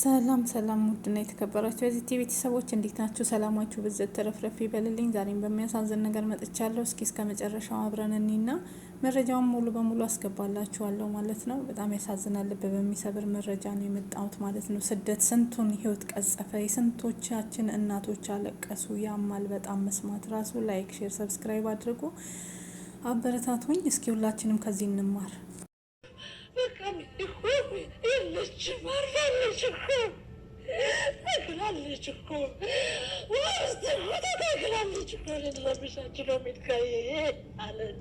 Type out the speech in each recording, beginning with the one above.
ሰላም ሰላም፣ ውድና የተከበራችሁ የዚህ ቲቪ ቤተሰቦች እንዴት ናችሁ? ሰላማችሁ ብዘት ተረፍረፍ ይበልልኝ። ዛሬም በሚያሳዝን ነገር መጥቻለሁ። እስኪ እስከ መጨረሻው አብረን እኔና መረጃውን ሙሉ በሙሉ አስገባላችኋለሁ ማለት ነው። በጣም ያሳዝናል። ልብ በሚሰብር መረጃ ነው የመጣሁት ማለት ነው። ስደት ስንቱን ህይወት ቀጸፈ፣ የስንቶቻችን እናቶች አለቀሱ። ያማል በጣም መስማት ራሱ። ላይክ፣ ሼር፣ ሰብስክራይብ አድርጉ፣ አበረታቱኝ። እስኪ ሁላችንም ከዚህ እንማር። ማርፋለች እኮ ተግላለች እኮ ውስጥ ቦታ ተግላለች እኮ ለብሻ ኪሎ ሜትር አለን።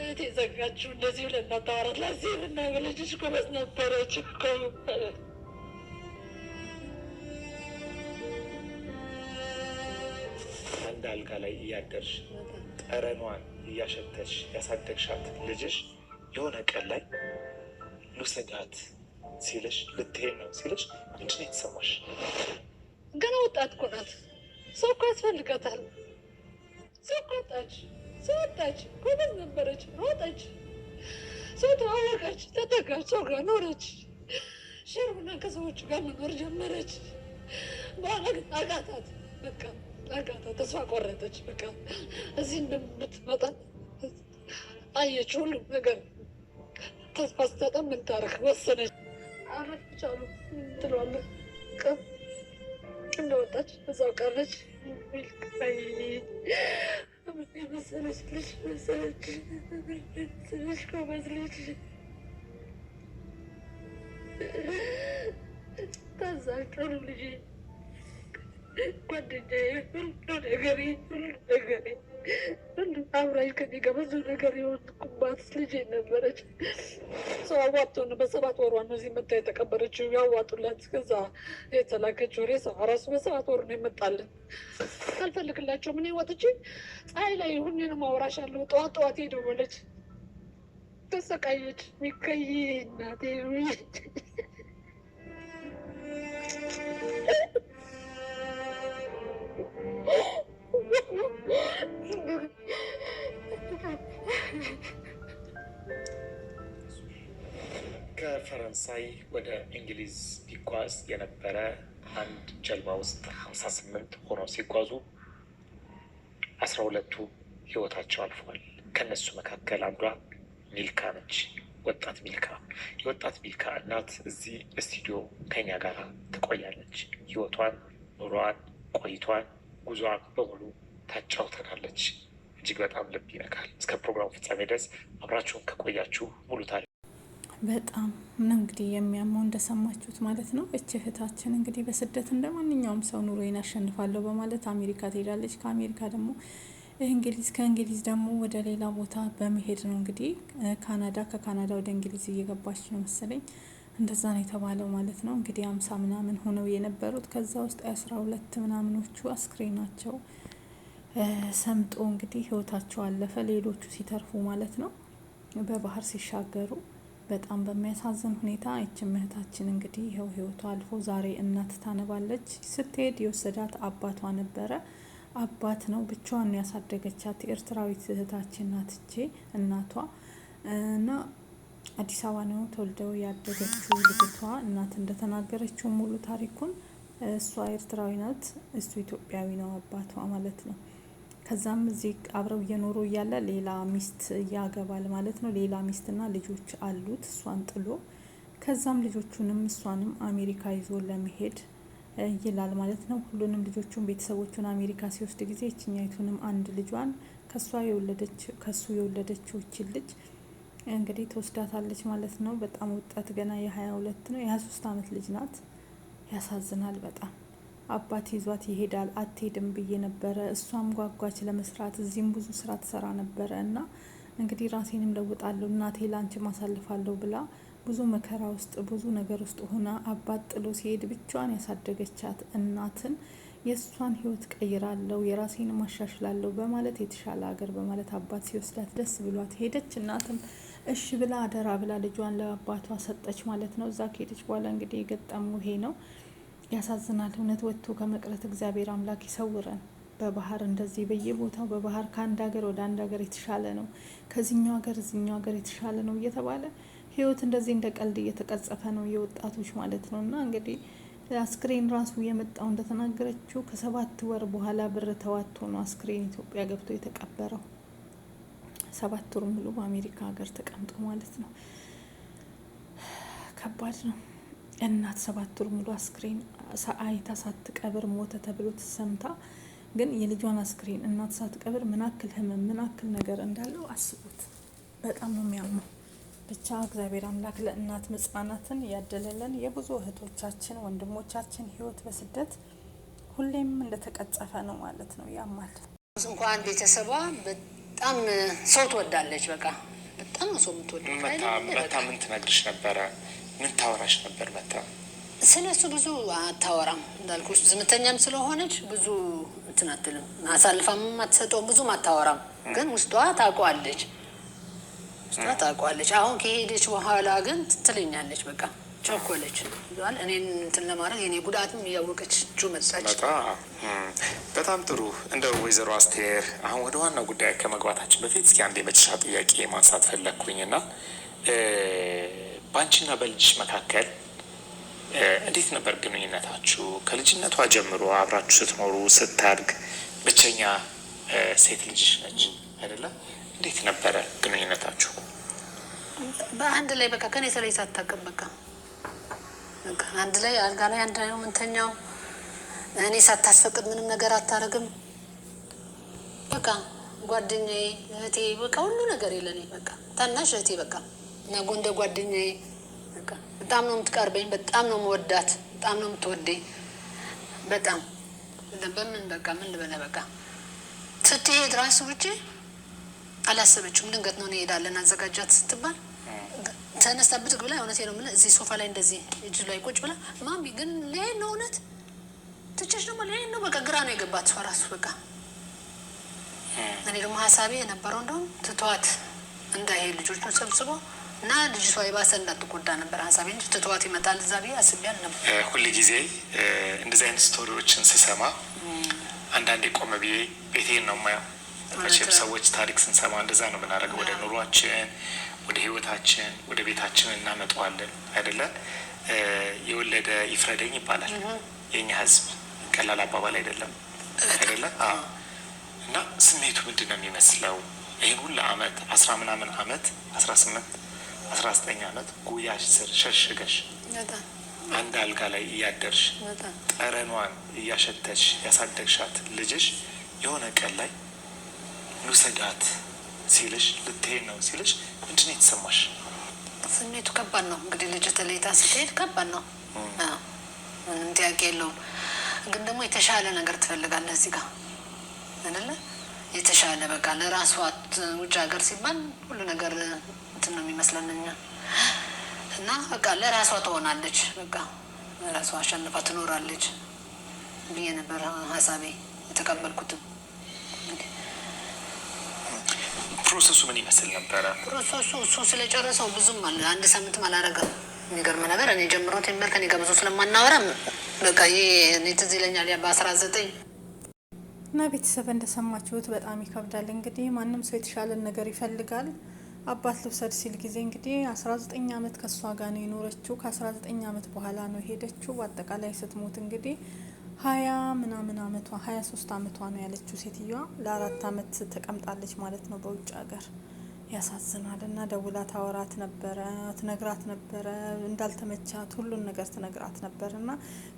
እህቴ ዘጋችሁ እንደዚህ ብለን እናታወራት ላሴብና በልጅሽ ጎበዝ ነበረች እኮ አንድ አልጋ ላይ እያደርሽ ጠረኗን እያሸተሽ ያሳደግሻት ልጅሽ የሆነ ቀን ላይ ልውሰዳት ሲልሽ ልትሄድ ነው ሲልሽ ምንድን ነው የተሰማሽ? ገና ወጣት እኮ ናት። ሰው እኮ ያስፈልጋታል። ሰው እኮ ወጣች፣ ሰው ወጣች፣ ጎበዝ ነበረች፣ ወጣች፣ ሰው ተዋወቀች፣ ተጠጋች፣ ሰው ጋር ኖረች፣ ሽር ሆና ከሰዎች ጋር መኖር ጀመረች። በኋላ ግን አቃታት፣ በቃ አቃታት፣ ተስፋ ቆረጠች። በቃ እዚህ እንደምትመጣ አየች ሁሉም ነገር ከዚህ በስተቀር ምን ታረክ ወሰነች። አረፍ ቻሉ ትሏለ እንደወጣች እዛው ቀረች። መሰለች ልጅ መሰለች ልጅ ጎበዝ ልጅ ከዛ ቀሩ ልጅ ጓደኛዬ ሁሉ ነገሬ ሁሉ ነገሬ አብራኝ ከኔ ጋር ብዙ ነገር የሆንኩባት ልጅ ነበረች። ሰው አዋጥቶ ነው በሰባት ወሯ ነው እዚህ መታ የተቀበረችው ያዋጡላት። ከዛ የተላከችው ሬሳ ራሱ በሰባት ወር ነው የመጣልን። አልፈልግላቸው ምን ወጥቼ ፀሐይ ላይ ሁኔ ነው ማውራሽ አለው። ጠዋት ጠዋት የደወለች ተሰቃየች። ሚከይ እናቴ ከፈረንሳይ ወደ እንግሊዝ ቢጓዝ የነበረ አንድ ጀልባ ውስጥ ሀምሳ ስምንት ሆነው ሲጓዙ አስራ ሁለቱ ህይወታቸው አልፏል። ከነሱ መካከል አንዷ ሚልካ ነች። ወጣት ሚልካ የወጣት ሚልካ እናት እዚህ ስቱዲዮ ከኛ ጋር ትቆያለች። ህይወቷን፣ ኑሯዋን፣ ቆይቷን፣ ጉዞዋን በሙሉ ታጫውተናለች። እጅግ በጣም ልብ ይነካል። እስከ ፕሮግራሙ ፍጻሜ ድረስ አብራችሁን ከቆያችሁ ሙሉ ታሪ በጣም ነው እንግዲህ የሚያመው እንደሰማችሁት ማለት ነው። እች እህታችን እንግዲህ በስደት እንደ ማንኛውም ሰው ኑሮዬን አሸንፋለሁ በማለት አሜሪካ ትሄዳለች። ከአሜሪካ ደግሞ እንግሊዝ ከእንግሊዝ ደግሞ ወደ ሌላ ቦታ በመሄድ ነው እንግዲህ ካናዳ፣ ከካናዳ ወደ እንግሊዝ እየገባች ነው መሰለኝ እንደዛ ነው የተባለው ማለት ነው። እንግዲህ አምሳ ምናምን ሆነው የነበሩት ከዛ ውስጥ አስራ ሁለት ምናምኖቹ ናቸው ሰምጦ እንግዲህ ህይወታቸው አለፈ። ሌሎቹ ሲተርፉ ማለት ነው በባህር ሲሻገሩ በጣም በሚያሳዝን ሁኔታ ይችም እህታችን እንግዲህ ይኸው ህይወቷ አልፎ ዛሬ እናት ታነባለች። ስትሄድ የወሰዳት አባቷ ነበረ። አባት ነው ብቻዋን ያሳደገቻት ኤርትራዊት እህታችን ናትቼ እናቷ እና አዲስ አበባ ነው ተወልደው ያደገችው ልጅቷ እናት እንደተናገረችው ሙሉ ታሪኩን እሷ ኤርትራዊ ናት፣ እሱ ኢትዮጵያዊ ነው አባቷ ማለት ነው። ከዛም እዚህ አብረው እየኖሩ እያለ ሌላ ሚስት ያገባል ማለት ነው። ሌላ ሚስትና ልጆች አሉት እሷን ጥሎ ከዛም ልጆቹንም እሷንም አሜሪካ ይዞ ለመሄድ ይላል ማለት ነው። ሁሉንም ልጆቹን ቤተሰቦቹን አሜሪካ ሲወስድ ጊዜ ይችኛይቱንም አንድ ልጇን ከሷ የወለደች ከሱ የወለደችው ልጅ እንግዲህ ትወስዳታለች ማለት ነው። በጣም ወጣት ገና የሀያ ሁለት ነው የሀያ ሶስት አመት ልጅ ናት። ያሳዝናል በጣም አባት ይዟት ይሄዳል። አትሄድም ብዬ ነበረ። እሷም ጓጓች ለመስራት እዚህም ብዙ ስራ ትሰራ ነበረ እና እንግዲህ ራሴንም ለውጣለሁ እናቴ ላንቺ ማሳልፋለሁ ብላ ብዙ መከራ ውስጥ ብዙ ነገር ውስጥ ሆና አባት ጥሎ ሲሄድ ብቻዋን ያሳደገቻት እናትን የእሷን ህይወት ቀይራለሁ የራሴን ማሻሽላለሁ በማለት የተሻለ ሀገር በማለት አባት ሲወስዳት ደስ ብሏት ሄደች። እናትም እሺ ብላ አደራ ብላ ልጇን ለአባቷ ሰጠች ማለት ነው። እዛ ከሄደች በኋላ እንግዲህ የገጠሙ ይሄ ነው። ያሳዝናል። እውነት ወጥቶ ከመቅረት እግዚአብሔር አምላክ ይሰውረን። በባህር እንደዚህ በየቦታው በባህር ከአንድ ሀገር ወደ አንድ ሀገር የተሻለ ነው፣ ከዚህኛው ሀገር እዚኛው ሀገር የተሻለ ነው እየተባለ ህይወት እንደዚህ እንደ ቀልድ እየተቀጸፈ ነው የወጣቶች ማለት ነው። እና እንግዲህ አስክሬን ራሱ የመጣው እንደተናገረችው ከሰባት ወር በኋላ ብር ተዋቶ ነው አስክሬን ኢትዮጵያ ገብቶ የተቀበረው። ሰባት ወር ሙሉ በአሜሪካ ሀገር ተቀምጦ ማለት ነው። ከባድ ነው። እናት ሰባት ወር ሙሉ አስክሬን አይታ ሳትቀብር ሞተ ተብሎ ተሰምታ ግን የልጇን አስክሬን እናት ሳትቀብር ምን አክል ህመም ምን አክል ነገር እንዳለው አስቡት። በጣም ነው የሚያመው። ብቻ እግዚአብሔር አምላክ ለእናት መጽናናትን ያደለልን የብዙ እህቶቻችን ወንድሞቻችን ህይወት በስደት ሁሌም እንደተቀጸፈ ነው ማለት ነው። ያማል። እንኳን ቤተሰቧ በጣም ሰው ትወዳለች። በቃ በጣም ሰው የምትወደው በጣም ምን ትነግርሽ ነበረ? ምን ታወራሽ ነበር በጣም ስለ እሱ ብዙ አታወራም እንዳልኩ ዝምተኛም ስለሆነች ብዙ እንትን አትልም፣ አሳልፋም አትሰጠውም፣ ብዙም አታወራም። ግን ውስጧ ታውቀዋለች፣ ውስጧ ታውቀዋለች። አሁን ከሄደች በኋላ ግን ትትለኛለች። በቃ ቸኮለች። እኔን እንትን ለማድረግ የኔ ጉዳትም እያወቀች እጁ መጻች። በጣም ጥሩ። እንደ ወይዘሮ አስቴር አሁን ወደ ዋናው ጉዳይ ከመግባታችን በፊት እስኪ አንድ የመጨረሻ ጥያቄ ማንሳት ፈለግኩኝና በአንቺና በልጅሽ መካከል እንዴት ነበር ግንኙነታችሁ? ከልጅነቷ ጀምሮ አብራችሁ ስትኖሩ ስታድግ ብቸኛ ሴት ልጅሽ ነች አይደለ? እንዴት ነበረ ግንኙነታችሁ? በአንድ ላይ በቃ ከኔ ተለይ ሳታቅም በቃ አንድ ላይ አልጋ ላይ አንድ ላይ ነው እኔ ሳታስፈቅድ ምንም ነገር አታረግም። በቃ ጓደኛዬ፣ እህቴ፣ በቃ ሁሉ ነገር የለኔ በቃ ታናሽ እህቴ በቃ ጎንደ ጓደኛዬ በጣም ነው የምትቀርበኝ። በጣም ነው የምወዳት። በጣም ነው የምትወደኝ። በጣም በምን በቃ ምን ልበለ በቃ ስትሄድ ራሱ ውጭ አላሰበችውም። ድንገት ነው እንሄዳለን አዘጋጃት ስትባል ተነስታ ብድግ ብላ እውነቴ ነው የምልህ እዚህ ሶፋ ላይ እንደዚህ እጅ ላይ ቁጭ ብላ ማሚ ግን ሊያይን ነው እውነት ትችሽ ደግሞ ሊያይን ነው በቃ ግራ ነው የገባት እሷ ራሱ በቃ እኔ ደግሞ ሀሳቤ የነበረው እንደውም ትተዋት እንዳይሄድ ልጆቹን ሰብስቦ እና ልጅቷ የባሰ እንዳትጎዳ ነበር ሀሳቤ እንጂ ትተዋት ይመጣል እዛ ብዬ አስቤ አልነበረ። ሁል ጊዜ እንደዚህ አይነት ስቶሪዎችን ስሰማ አንዳንዴ ቆመ ብዬ ቤቴን ነው ማየው። መቼም ሰዎች ታሪክ ስንሰማ እንደዛ ነው የምናደርገው ወደ ኑሯችን፣ ወደ ህይወታችን፣ ወደ ቤታችን እናመጣዋለን አይደለን? የወለደ ይፍረደኝ ይባላል የኛ ህዝብ። ቀላል አባባል አይደለም አይደለ? እና ስሜቱ ምንድን ነው የሚመስለው? ይህን ሁሉ አመት አስራ ምናምን አመት አስራ ስምንት 19 ዓመት ጉያሽ ስር ሸሽገሽ አንድ አልጋ ላይ እያደርሽ ጠረኗን እያሸተሽ ያሳደግሻት ልጅሽ የሆነ ቀን ላይ ውሰዳት ሲልሽ ልትሄድ ነው ሲልሽ ምንድን ነው የተሰማሽ? ስሜቱ ከባድ ነው። እንግዲህ ልጅ ተለይታ ስትሄድ ከባድ ነው። ምንም ጥያቄ የለውም። ግን ደግሞ የተሻለ ነገር ትፈልጋለህ እዚህ ጋር አይደለ? የተሻለ በቃ ለራሷ ውጭ ሀገር ሲባል ሁሉ ነገር እንትን ነው የሚመስለን እና በቃ ለራሷ ትሆናለች፣ በቃ ራሷ አሸንፋ ትኖራለች ብዬ ነበር ሀሳቤ የተቀበልኩትም። ፕሮሰሱ ምን ይመስል ነበረ? ፕሮሰሱ እሱ ስለጨረሰው ብዙም አለ አንድ ሳምንትም አላረገም። የሚገርም ነገር እኔ ጀምሮ ቴምበር ከኔ ጋር ብዙ በቃ ይህ ትዝ ይለኛል በአስራ ዘጠኝ እና ቤተሰብ እንደሰማችሁት በጣም ይከብዳል። እንግዲህ ማንም ሰው የተሻለን ነገር ይፈልጋል። አባት ልውሰድ ሲል ጊዜ እንግዲህ 19 ዓመት ከእሷ ጋር ነው የኖረችው። ከ19 ዓመት በኋላ ነው ሄደችው። በአጠቃላይ ስትሞት እንግዲህ ሀያ ምናምን አመቷ ሀያ ሶስት አመቷ ነው ያለችው ሴትዮዋ። ለአራት አመት ተቀምጣለች ማለት ነው በውጭ ሀገር። ያሳዝናል። እና ደውላ ታወራት ነበረ፣ ትነግራት ነበረ እንዳልተመቻት ሁሉን ነገር ትነግራት ነበር። እና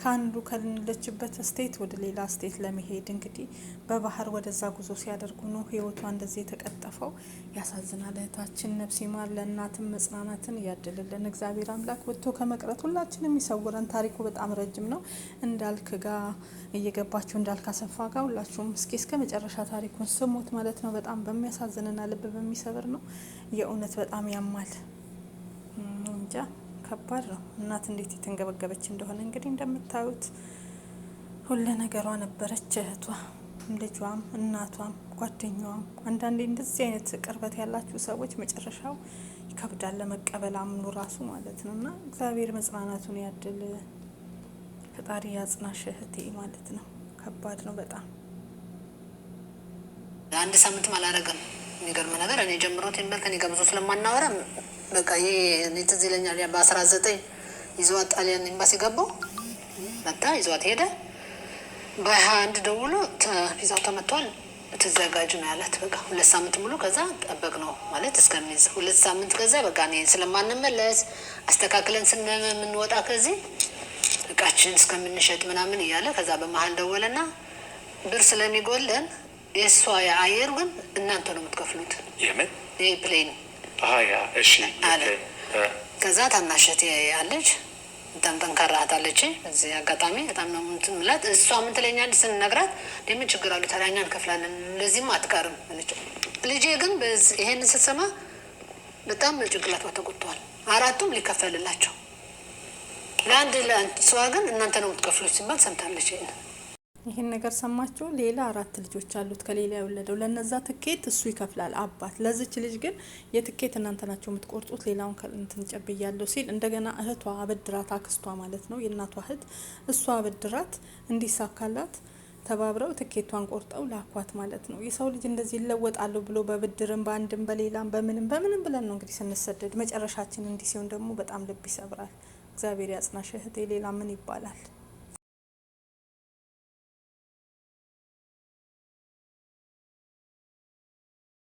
ከአንዱ ከልንለችበት ስቴት ወደ ሌላ ስቴት ለመሄድ እንግዲህ በባህር ወደዛ ጉዞ ሲያደርጉ ነው ህይወቷ እንደዚህ የተቀጠፈው። ያሳዝናል። እህታችን ነፍስ ይማር፣ ለእናትም መጽናናትን እያድልልን እግዚአብሔር አምላክ ወጥቶ ከመቅረት ሁላችንም ይሰውረን። ታሪኩ በጣም ረጅም ነው። እንዳልክ ጋ እየገባችሁ እንዳልክ አሰፋ ጋ ሁላችሁም እስኪ እስከ መጨረሻ ታሪኩን ስሙት ማለት ነው። በጣም በሚያሳዝንና ልብ በሚሰብር ነው። ነው። የእውነት በጣም ያማል። እንጃ ከባድ ነው። እናት እንዴት የተንገበገበች እንደሆነ እንግዲህ እንደምታዩት ሁለ ነገሯ ነበረች። እህቷ፣ ልጇም፣ እናቷም፣ ጓደኛዋም። አንዳንዴ እንደዚህ አይነት ቅርበት ያላችሁ ሰዎች መጨረሻው ይከብዳል ለመቀበል አምኑ ራሱ ማለት ነው። እና እግዚአብሔር መጽናናቱን ያድል። ፈጣሪ ያጽናሽ እህቴ ማለት ነው። ከባድ ነው በጣም አንድ ሳምንትም አላረገም የሚገርም ነገር እኔ ጀምሮት የሚል ከኔ ጋር ስለማናወራ በቃ ይሄ ትዝ ይለኛል። በአስራ ዘጠኝ ይዘዋት ጣሊያን ኤምባሲ ገባው መጣ ይዘዋት ሄደ። በሀያ አንድ ደውሎ ቪዛው ተመቷል ትዘጋጅ ነው ያላት። በቃ ሁለት ሳምንት ሙሉ ከዛ ጠበቅ ነው ማለት እስከሚዝ ሁለት ሳምንት ከዛ በቃ እኔ ስለማንመለስ አስተካክለን የምንወጣ ከዚህ እቃችን እስከምንሸጥ ምናምን እያለ ከዛ በመሀል ደወለና ብር ስለሚጎለን የእሷ የአየር ግን እናንተ ነው የምትከፍሉት። የምን ይህ ፕሌን ያ እሺ አለ። ከዛ ታናሸት ያለች በጣም ጠንካራ እህት እዚህ አጋጣሚ በጣም ነው ምትምላት። እሷ ምን ትለኛለች ስንነግራት፣ ደም ችግር አሉ ታዲያ እንከፍላለን፣ እንደዚህም አትቀርም አለች። ልጄ ግን ይሄን ስትሰማ በጣም ጭንቅላቷ ተጎድተዋል። አራቱም ሊከፈልላቸው ለአንድ ለአንድ ሰዋ ግን እናንተ ነው የምትከፍሉት ሲባል ሰምታለች። ይህን ነገር ሰማችሁ። ሌላ አራት ልጆች አሉት ከሌላ የወለደው። ለነዛ ትኬት እሱ ይከፍላል አባት። ለዚች ልጅ ግን የትኬት እናንተ ናቸው የምትቆርጡት፣ ሌላውን እንትን ጨብያለሁ ሲል እንደገና እህቷ አበድራት፣ አክስቷ ማለት ነው የእናቷ እህት፣ እሷ አበድራት እንዲሳካላት ተባብረው ትኬቷን ቆርጠው ላኳት ማለት ነው። የሰው ልጅ እንደዚህ ይለወጣለሁ ብሎ በብድርም በአንድም በሌላም በምንም በምንም ብለን ነው እንግዲህ ስንሰደድ መጨረሻችን እንዲህ ሲሆን ደግሞ በጣም ልብ ይሰብራል። እግዚአብሔር ያጽናሽ እህቴ። ሌላ ምን ይባላል?